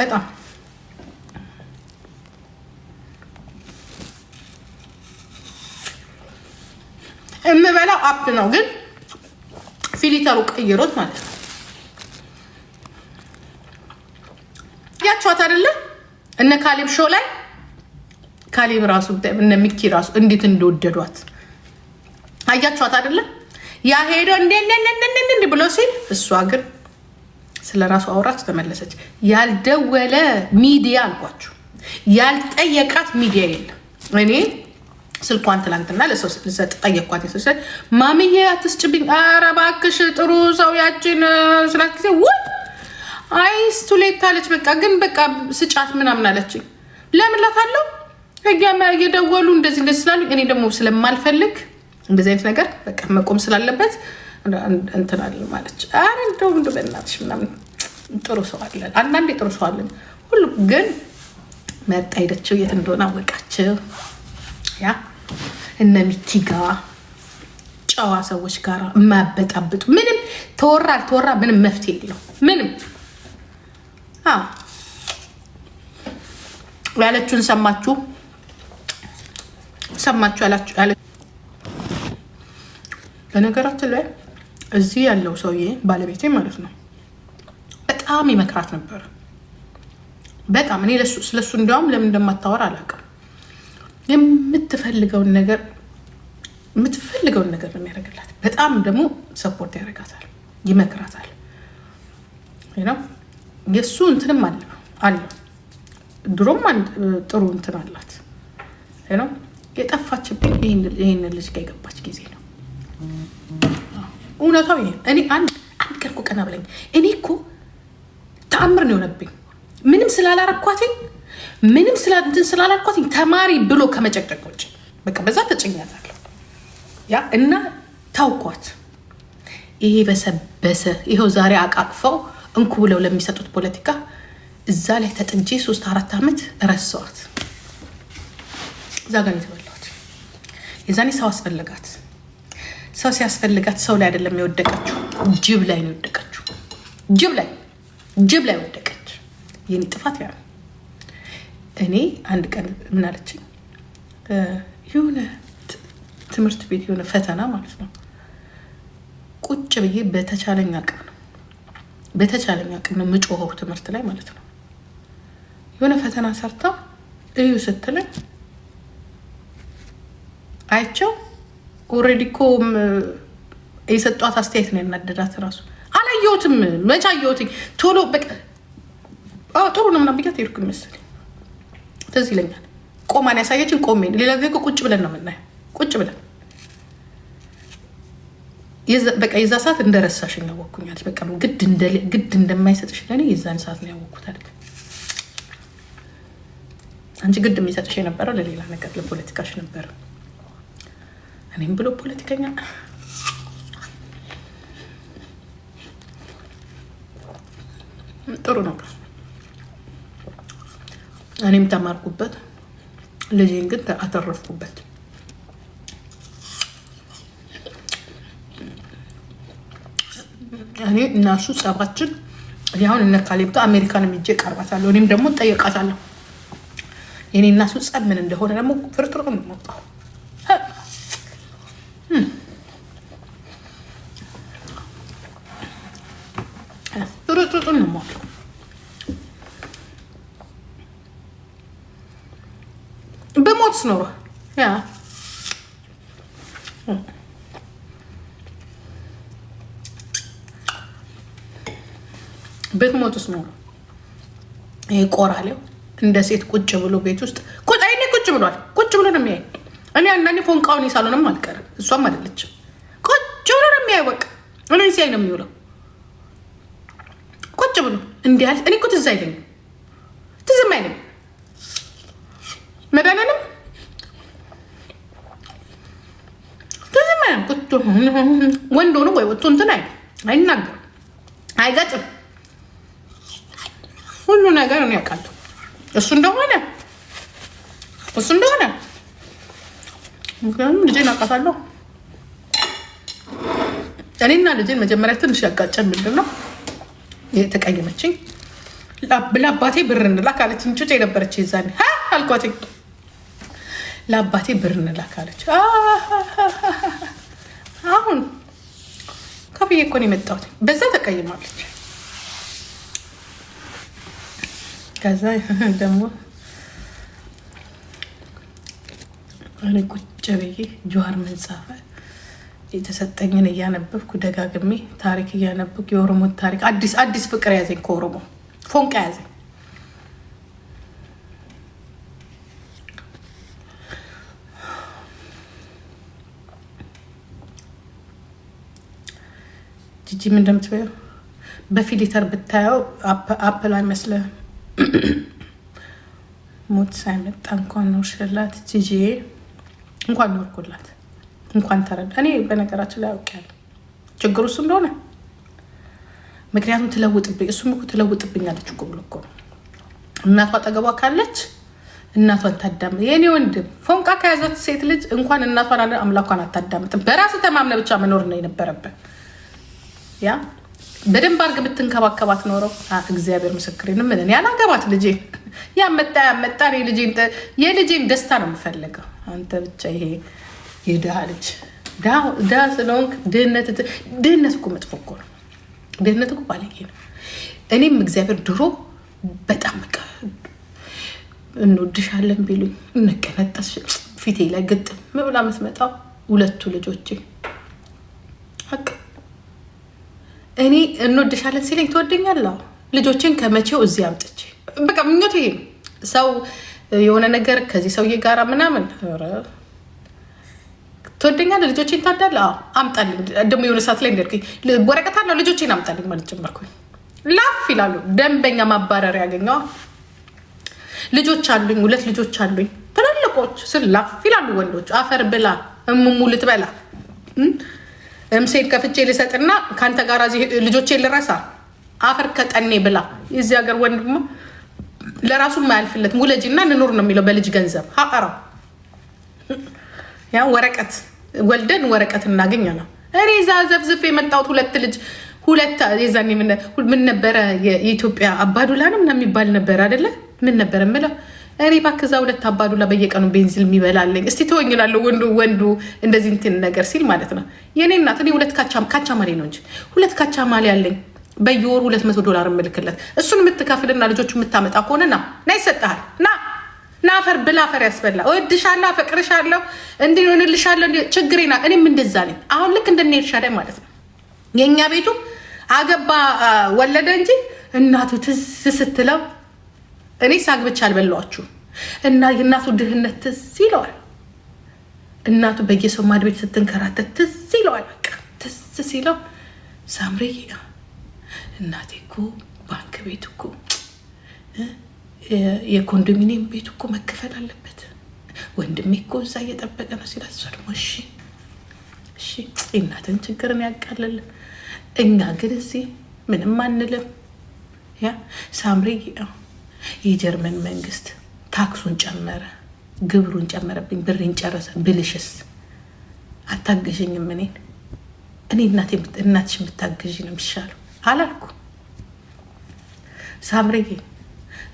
በጣም የምበላው አፕ ነው ግን ፊሊተሩ ቀይሮት ማለት ነው። ያቸዋት አይደለ እነ ካሌብ ሾው ላይ ካሌብ ራሱ እነ ሚኪ ራሱ እንዴት እንደወደዷት አያቸዋት አደለ ያ ሄዶ እንዴ ብሎ ሲል እሷ ግን ስለ ራሱ አውራች ተመለሰች። ያልደወለ ሚዲያ አልኳችሁ፣ ያልጠየቃት ሚዲያ የለም። እኔ ስልኳን ትላንትና ለሰው ልሰጥ ጠየቅኳት። የሰ ማሚዬ አትስጭብኝ፣ ኧረ እባክሽ ጥሩ ሰው ያችን ስላት ጊዜ ውይ አይ ስቱሌት አለች። በቃ ግን በቃ ስጫት ምናምን አለችኝ። ለምን እላታለሁ እየደወሉ እንደዚህ እንደዚህ ስላሉ እኔ ደግሞ ስለማልፈልግ እንደዚህ አይነት ነገር በቃ መቆም ስላለበት እንትን አለ ማለች። ኧረ እንደው ምንድን በእናትሽ ምናምን ጥሩ ሰው አለን፣ አንዳንዴ ጥሩ ሰው አለን። ሁሉ ግን መጣ ሄደችው፣ የት እንደሆነ አወቃችው። ያ እነ ሚቲ ጋ ጨዋ ሰዎች ጋር የማያበጣብጡ ምንም ተወራ አልተወራ ምንም መፍትሄ የለው ምንም ያለችውን ሰማችሁ ሰማችሁ ያለችው በነገራችን ላይ እዚህ ያለው ሰውዬ ባለቤቴ ማለት ነው በጣም ይመክራት ነበር። በጣም እኔ ስለሱ እንዲያውም ለምን እንደማታወር አላውቅም። የምትፈልገውን ነገር የምትፈልገውን ነገር ነው የሚያደርግላት። በጣም ደግሞ ሰፖርት ያደርጋታል፣ ይመክራታል። ነው የእሱ እንትንም አለ አለ ድሮም ጥሩ እንትን አላት ነው የጠፋችብኝ ይህን ልጅ ጋር የገባች ጊዜ ነው እውነታው እኔ አንድ አንድ ቀርኩ ቀና ብለኝ እኔ እኮ ተአምር ነው የሆነብኝ። ምንም ስላላረኳትኝ ምንም ስላንትን ስላላረኳትኝ ተማሪ ብሎ ከመጨቅጨቅ ውጭ በቃ በዛ ተጨኛታለሁ ያ እና ታውኳት። ይሄ በሰበሰ ይኸው ዛሬ አቃቅፈው እንኩ ብለው ለሚሰጡት ፖለቲካ እዛ ላይ ተጥጄ ሶስት አራት ዓመት ረሰዋት። እዛ ጋር የተበላት የዛኔ ሰው አስፈለጋት። ሰው ሲያስፈልጋት ሰው ላይ አይደለም የወደቀችው፣ ጅብ ላይ ነው የወደቀችው። ጅብ ላይ ጅብ ላይ ወደቀች። የኔ ጥፋት ያ እኔ አንድ ቀን ምን አለችኝ፣ የሆነ ትምህርት ቤት የሆነ ፈተና ማለት ነው ቁጭ ብዬ በተቻለኝ አቅም ነው በተቻለኝ አቅም ነው ምጮኸው ትምህርት ላይ ማለት ነው የሆነ ፈተና ሰርታ እዩ ስትለኝ አይቸው ኦልሬዲ እኮ eh, የሰጧት አስተያየት ነው ያናደዳት። ራሱ አላየሁትም። መቼ አየሁትኝ? ቶሎ በቃ ጥሩ ነው ምናምን ብያት ሄድኩ ይመስለኝ። ትዝ ይለኛል። ቆማን ያሳየችን ቆሜ ሌላ ጊዜ ቁጭ ብለን ነው የምናየው። ቁጭ ብለን በቃ የዛ ሰዓት እንደረሳሽኝ ያወቅኩኛለች። በቃ ግድ እንደማይሰጥሽ ለእኔ የዛን ሰዓት ነው ያወቅኩት። አለ አንቺ ግድ የሚሰጥሽ የነበረው ለሌላ ነገር ለፖለቲካሽ ነበረ። እኔም ብሎ ፖለቲከኛ ጥሩ ነው። እኔም ተማርኩበት፣ ልጄን ግን አተረፍኩበት። እኔ እና እሱ ጸባችን አሁን እነ ካሌብ አሜሪካን ሄጄ ቀርባታለሁ። እኔም ደግሞ ጠየቃታለሁ የኔ እና ጸብ ምን እንደሆነ ደግሞ ፍርጥር ነው የምወጣው። snoeren. Ja. Hm. ቤት ሞትስ ቆራሌው እንደ ሴት ቁጭ ብሎ ቤት ውስጥ እኔ ቁጭ ብሏል። ቁጭ ብሎ ነው የሚያይ። እኔ አንዳንዴ ፎንቃውን የሳሎንም አልቀርም እሷም አይደለችም። ቁጭ ብሎ ነው የሚያይ። በቃ እኔ ሲያይ ነው የሚውለው። ቁጭ ብሎ እንዲህ ያለ እኔ እኮ ትዝ አይለኝም፣ ትዝም አይለኝም መዳንንም ወንድ ሆኖ ወይ ወጥቶ እንትን አይናገርም፣ አይገጥም። ሁሉ ነገር ነው ያውቃለሁ። እሱ እንደሆነ እሱ እንደሆነ ምክንያቱም ልጄን አውቃታለሁ። እኔና ልጄን መጀመሪያ ትንሽ ያጋጨን ምንድን ነው የተቀየመችኝ ለአባቴ ብር እንላክ አለች። ጩጭ የነበረች ይዛኔ አልኳት ለአባቴ ብር እንላክ አለች። አሁን ከብዬ እኮ ነው የመጣሁት። በዛ ተቀይማለች። ከዛ ደግሞ እኔ ቁጭ ብዬ ጀዋር መንጻፈ የተሰጠኝን እያነበብኩ ደጋግሜ ታሪክ እያነበብኩ የኦሮሞ ታሪክ አዲስ አዲስ ፍቅር ያዘኝ። ከኦሮሞ ፎንቃ ያዘኝ። ጂጂ ምን በፊሊተር ብታየው አፕል አይመስልም። ሞት ሳይመጣ እንኳን ኖርሽላት ጂጂ፣ እንኳን ኖርኩላት፣ እንኳን ተረዳ። እኔ በነገራችን ላይ አውቄያለሁ ችግሩ እሱ እንደሆነ ምክንያቱም ትለውጥብኝ እሱም እኮ ትለውጥብኛለች እኮ ብሎ እኮ እናቷ አጠገቧ ካለች እናቷን ታዳምጥ። የኔ ወንድም ፎንቃ ከያዛት ሴት ልጅ እንኳን እናቷን አለ አምላኳን አታዳምጥም። በራስ ተማምነ ብቻ መኖር ነው የነበረብን። ያ በደንብ አድርግ ብትንከባከባት ኖረው እግዚአብሔር ምስክሬንም ምንን ያላገባት ልጄ ያመጣ ያመጣ የልጄን ደስታ ነው የምፈልገው። አንተ ብቻ ይሄ የድሃ ልጅ ድሃ ስለሆንክ ድህነት ድህነት እኮ መጥፎ እኮ ነው። ድህነት እኮ ባለጌ ነው። እኔም እግዚአብሔር ድሮ በጣም በቃ እንወድሻለን ቢሉኝ እነቀነጠስ ፊቴ ላይ ግጥም ምብላ የምትመጣው ሁለቱ ልጆቼ እኔ እንወድሻለን ሲለኝ ትወደኛለሁ። ልጆችን ከመቼው እዚህ አምጥቼ በቃ ምኞት ይሄ ሰው የሆነ ነገር ከዚህ ሰውዬ ጋር ምናምን ትወደኛለህ፣ ልጆችን ታዳለህ፣ አምጣልኝ። ደግሞ የሆነ ሰዓት ላይ እንደርኩኝ ወረቀት አለው ልጆችን አምጣልኝ ማለት ጀመርኩኝ። ላፍ ይላሉ። ደንበኛ ማባረር ያገኘዋ ልጆች አሉኝ፣ ሁለት ልጆች አሉኝ፣ ትላልቆች ስል ላፍ ይላሉ ወንዶች። አፈር ብላ እሙሙ ልትበላ እምሴል ከፍቼ ልሰጥና ከአንተ ጋር ልጆቼ ልረሳ አፈር ከጠኔ ብላ የዚህ ሀገር ወንድሞ ለራሱ የማያልፍለት ውለጅ እና እንኑር ነው የሚለው በልጅ ገንዘብ ሀራ ያ ወረቀት ወልደን ወረቀት እናገኝ ነው። እኔ እዛ ዘፍዝፍ የመጣሁት ሁለት ልጅ ሁለት የዛኔ ምን ነበረ የኢትዮጵያ አባዱላንም የሚባል ነበር አደለ? ምን ነበረ ምለው እኔ እባክህ እዛ ሁለት አባዱላ በየቀኑ ቤንዚል የሚበላለኝ እስቲ ተወኝ ወንዱ ወንዱ እንደዚህ እንትን ነገር ሲል ማለት ነው። የእኔ እናት እኔ ሁለት ካቻ ማሌ ነው እንጂ ሁለት ካቻ ማሌ ያለኝ በየወሩ ሁለት መቶ ዶላር የምልክለት እሱን የምትከፍልና ልጆቹ የምታመጣ ከሆነ ና ና ይሰጠሃል። ና ና አፈር ብላ አፈር ያስበላ። እወድሻለሁ፣ አፈቅርሻለሁ፣ እንዲህ ሆንልሻለሁ፣ ና። እኔም እንደዛ ነኝ። አሁን ልክ እንደኔርሻዳይ ማለት ነው። የእኛ ቤቱ አገባ ወለደ እንጂ እናቱ ትዝ ስትለው እኔ ሳግብቻ አልበላችሁ እና የእናቱ ድህነት ትዝ ይለዋል። እናቱ በየሰው ማድ ቤት ስትንከራተት ትዝ ይለዋል። በቃ ትዝ ሲለው ሳምሪ እናቴ እኮ ባንክ ቤት እኮ የኮንዶሚኒየም ቤት እኮ መከፈል አለበት፣ ወንድሜ እኮ እዛ እየጠበቀ ነው ሲላት፣ እሷ ደግሞ እሺ እሺ እናትን ችግርን ያቃልል እኛ ግን እዚህ ምንም አንልም። ያ ያው የጀርመን መንግስት ታክሱን ጨመረ፣ ግብሩን ጨመረብኝ፣ ብሬን ጨረሰ ብልሽስ አታግዥኝም? እኔን እኔ እናትሽ የምታግዥ ነው የሚሻለው አላልኩ። ሳምሬዬ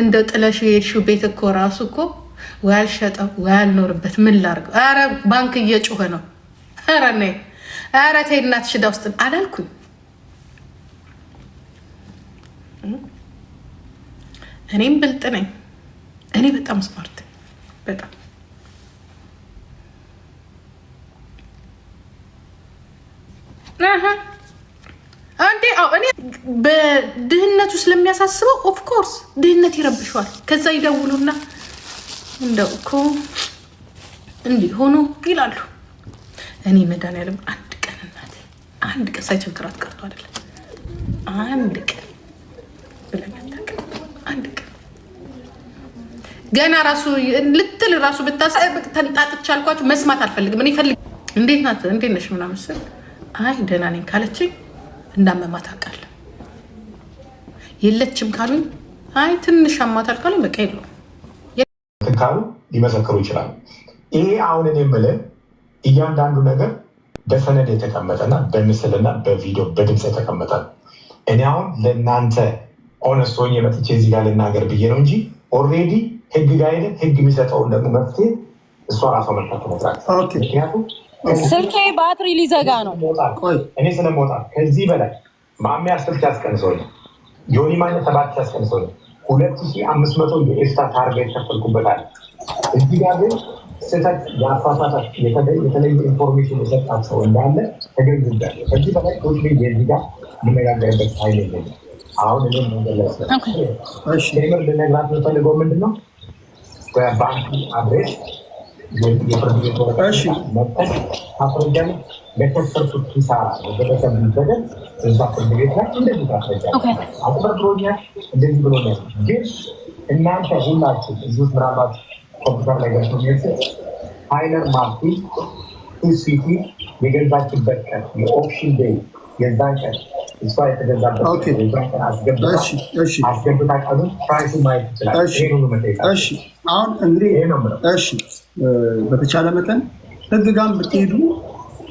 እንደ ጥለሽ የሄድሽው ቤት እኮ ራሱ እኮ ወይ አልሸጠው ወይ አልኖርበት ምን ላርገው? ኧረ ባንክ እየጮኸ ነው። ኧረ ኧረ ተይ እናትሽ ዕዳ ውስጥ አላልኩኝ እኔም ብልጥ ነኝ። እኔ በጣም ስማርት በጣም አንዴ አዎ፣ እኔ በድህነቱ ስለሚያሳስበው ኦፍኮርስ ድህነት ይረብሸዋል። ከዛ ይደውሉና እንደው እኮ እንዲህ ሆኖ ይላሉ። እኔ መድኃኒዓለም አንድ ቀን እናቴ አንድ ቀን ሳይቸግራት ቀርቶ አይደለም አንድ ቀን ገና ራሱ ልትል ራሱ ብታሳ ተንጣጥቻ አልኳቸው። መስማት አልፈልግም። እኔ ፈልግ እንዴት ናት እንዴት ነሽ ምናምን ስል አይ ደህና ነኝ ካለችኝ እንዳመማት አውቃለሁ። የለችም ካሉኝ አይ ትንሽ አማታል ካሉኝ በቃ የለውም ካሉ ሊመሰክሩ ይችላሉ። ይሄ አሁን እኔ የምልህ እያንዳንዱ ነገር በሰነድ የተቀመጠና በምስልና በቪዲዮ በድምፅ የተቀመጠ ነው። እኔ አሁን ለእናንተ ኦነስቶኝ የመጥቼ እዚህ ጋር ልናገር ብዬ ነው እንጂ ኦልሬዲ ህግ ጋር ህግ የሚሰጠውን ደግሞ መፍትሄ እሷ ራሷ መጣት መጥራት። ምክንያቱም ስልኬ ባትሪ ሊዘጋ ነው፣ እኔ ስለመውጣ ከዚህ በላይ ማሚያ ስልክ ያስቀንሰው ጆኒ ማለ ሰባት ያስቀንሰው ሁለት ሺ አምስት መቶ የኤፍታ ታርጋ ይከፈልኩበታል። እዚህ ጋር ግን ስህተት የአፋሳሳት የተለየ ኢንፎርሜሽን የሰጣት ሰው እንዳለ ተገንዝቤያለሁ። ከዚህ በላይ ቶች የዚህ ጋር የምነጋገርበት ሀይል የለኝም። አሁን እኔም መንገድ ላይ ስለ ምር ልነግራት የምፈልገው ምንድን ነው foi a a que que que está, ከባንክ አብሬት የፕሮጀክቶች መጠን አስረጃለ ለከሰርኩት ኪሳራ በደረሰብ ሚበደል እዛ ፍርድ se ላይ እንደዚህ ታስረጃለ። አጭበርብሮኛል፣ os ብሎኛል። ግን እናንተ ሁላችሁ እዚህ ምናልባት ኮምፒውተር ላይ ገብቶ ሚስ ሀይለር ማርቲን ቱሲቲ o ቀን የኦፕሽን e የዛን ቀን አሁን እንግዲህ በተቻለ መጠን ህግ ጋር ብትሄዱ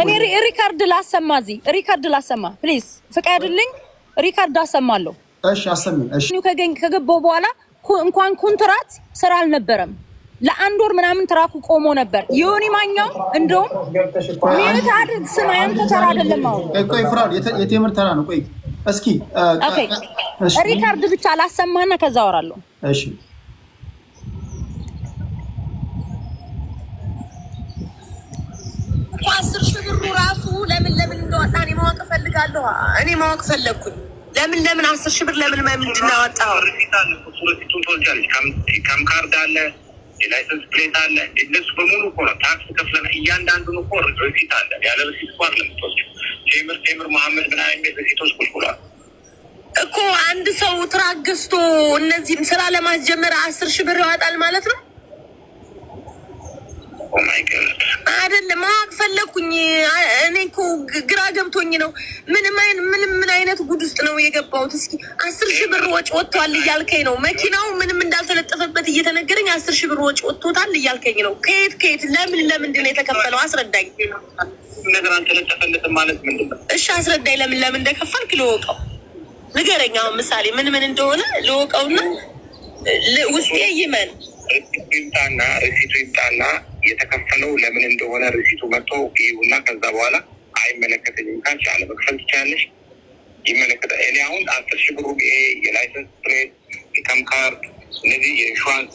እኔ ሪካርድ ላሰማ እዚህ ሪካርድ ላሰማ ፕሊዝ ፍቃድልኝ። ሪካርድ አሰማለሁ። እሺ አሰሚኝ። እሺ ከገባው በኋላ እንኳን ኮንትራት ስራ አልነበረም። ለአንድ ወር ምናምን ትራኩ ቆሞ ነበር። የሆነ ማኛው እንደውም ምን አድርግ ስማ፣ ያንተ ተራ አይደለም። አሁን ቆይ፣ የቴምር ተራ ነው። ቆይ እስኪ ሪካርድ ብቻ ላሰማህና ከዛ አወራለሁ። እሺ እፈልጋለሁ። እኔ ማወቅ ፈለግኩኝ። ለምን ለምን አስር ሺህ ብር ለምን ምንድን ነው ያወጣው? ሱረፊቱን ትወስጃለሽ። አለ፣ የላይሰንስ ፕሌት አለ። እነሱ በሙሉ እኮ ነው ታክስ ከፍለን እያንዳንዱን እኮ ሪሲት አለ። ያለ ሪሲት እኮ ለምትወስጂው ቴምር ቴምር መሀመድ ምን አይነት ሪሲቶች ቁልቁሏል እኮ አንድ ሰው ትራግስቶ ገዝቶ እነዚህም ስራ ለማስጀመር አስር ሺህ ብር ያወጣል ማለት ነው። ኦማይገ አይደለም ማወቅ ፈለግኩኝ። እኔ እኮ ግራ ገብቶኝ ነው። ምንም ምን ምን አይነት ጉድ ውስጥ ነው የገባሁት? እስኪ አስር ሺህ ብር ወጪ ወጥቷል እያልከኝ ነው። መኪናው ምንም እንዳልተለጠፈበት እየተነገረኝ አስር ሺህ ብር ወጪ ወጥቶታል እያልከኝ ነው። ከየት ከየት ለምን ለምንድን ነው የተከፈለው? አስረዳኝ። ነገር አልተለጠፈለትም ማለት ምንድን ነው? እሺ አስረዳኝ። ለምን ለምን እንደከፈልክ ልወቀው፣ ንገረኝ። አሁን ምሳሌ ምን ምን እንደሆነ ልወቀውና ውስጤ ይመን ሪሲቱ ይምጣና ሪሲቱ ይምጣና የተከፈለው ለምን እንደሆነ ርሲቱ መጥቶ ይሁና ከዛ በኋላ አይመለከተኝም ካልሽ አለመክፈል ትችላለሽ። ይመለከታል። እኔ አሁን አስር ሺ ብሩ የላይሰንስ ፕሌት ካርድ እነዚህ የኢንሹራንስ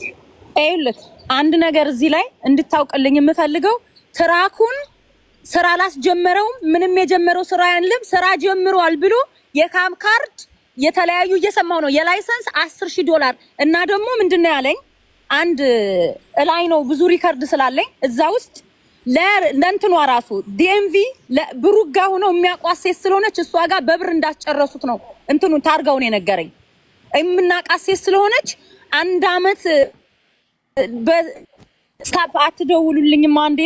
ይኸውልህ አንድ ነገር እዚህ ላይ እንድታውቅልኝ የምፈልገው ትራኩን ስራ አላስጀመረውም። ምንም የጀመረው ስራ ያንልም ስራ ጀምሯል ብሎ የካም ካርድ የተለያዩ እየሰማው ነው የላይሰንስ አስር ሺህ ዶላር እና ደግሞ ምንድን ነው ያለኝ አንድ እላይ ነው ብዙ ሪከርድ ስላለኝ እዛ ውስጥ ለእንትኗ ራሱ ዲኤምቪ ብሩጋ ሆኖ የሚያውቋት ሴት ስለሆነች እሷ ጋር በብር እንዳስጨረሱት ነው እንትኑ ታርጋውን የነገረኝ። የምናውቃት ሴት ስለሆነች አንድ አመት ስታፕ አትደውሉልኝም አንዴ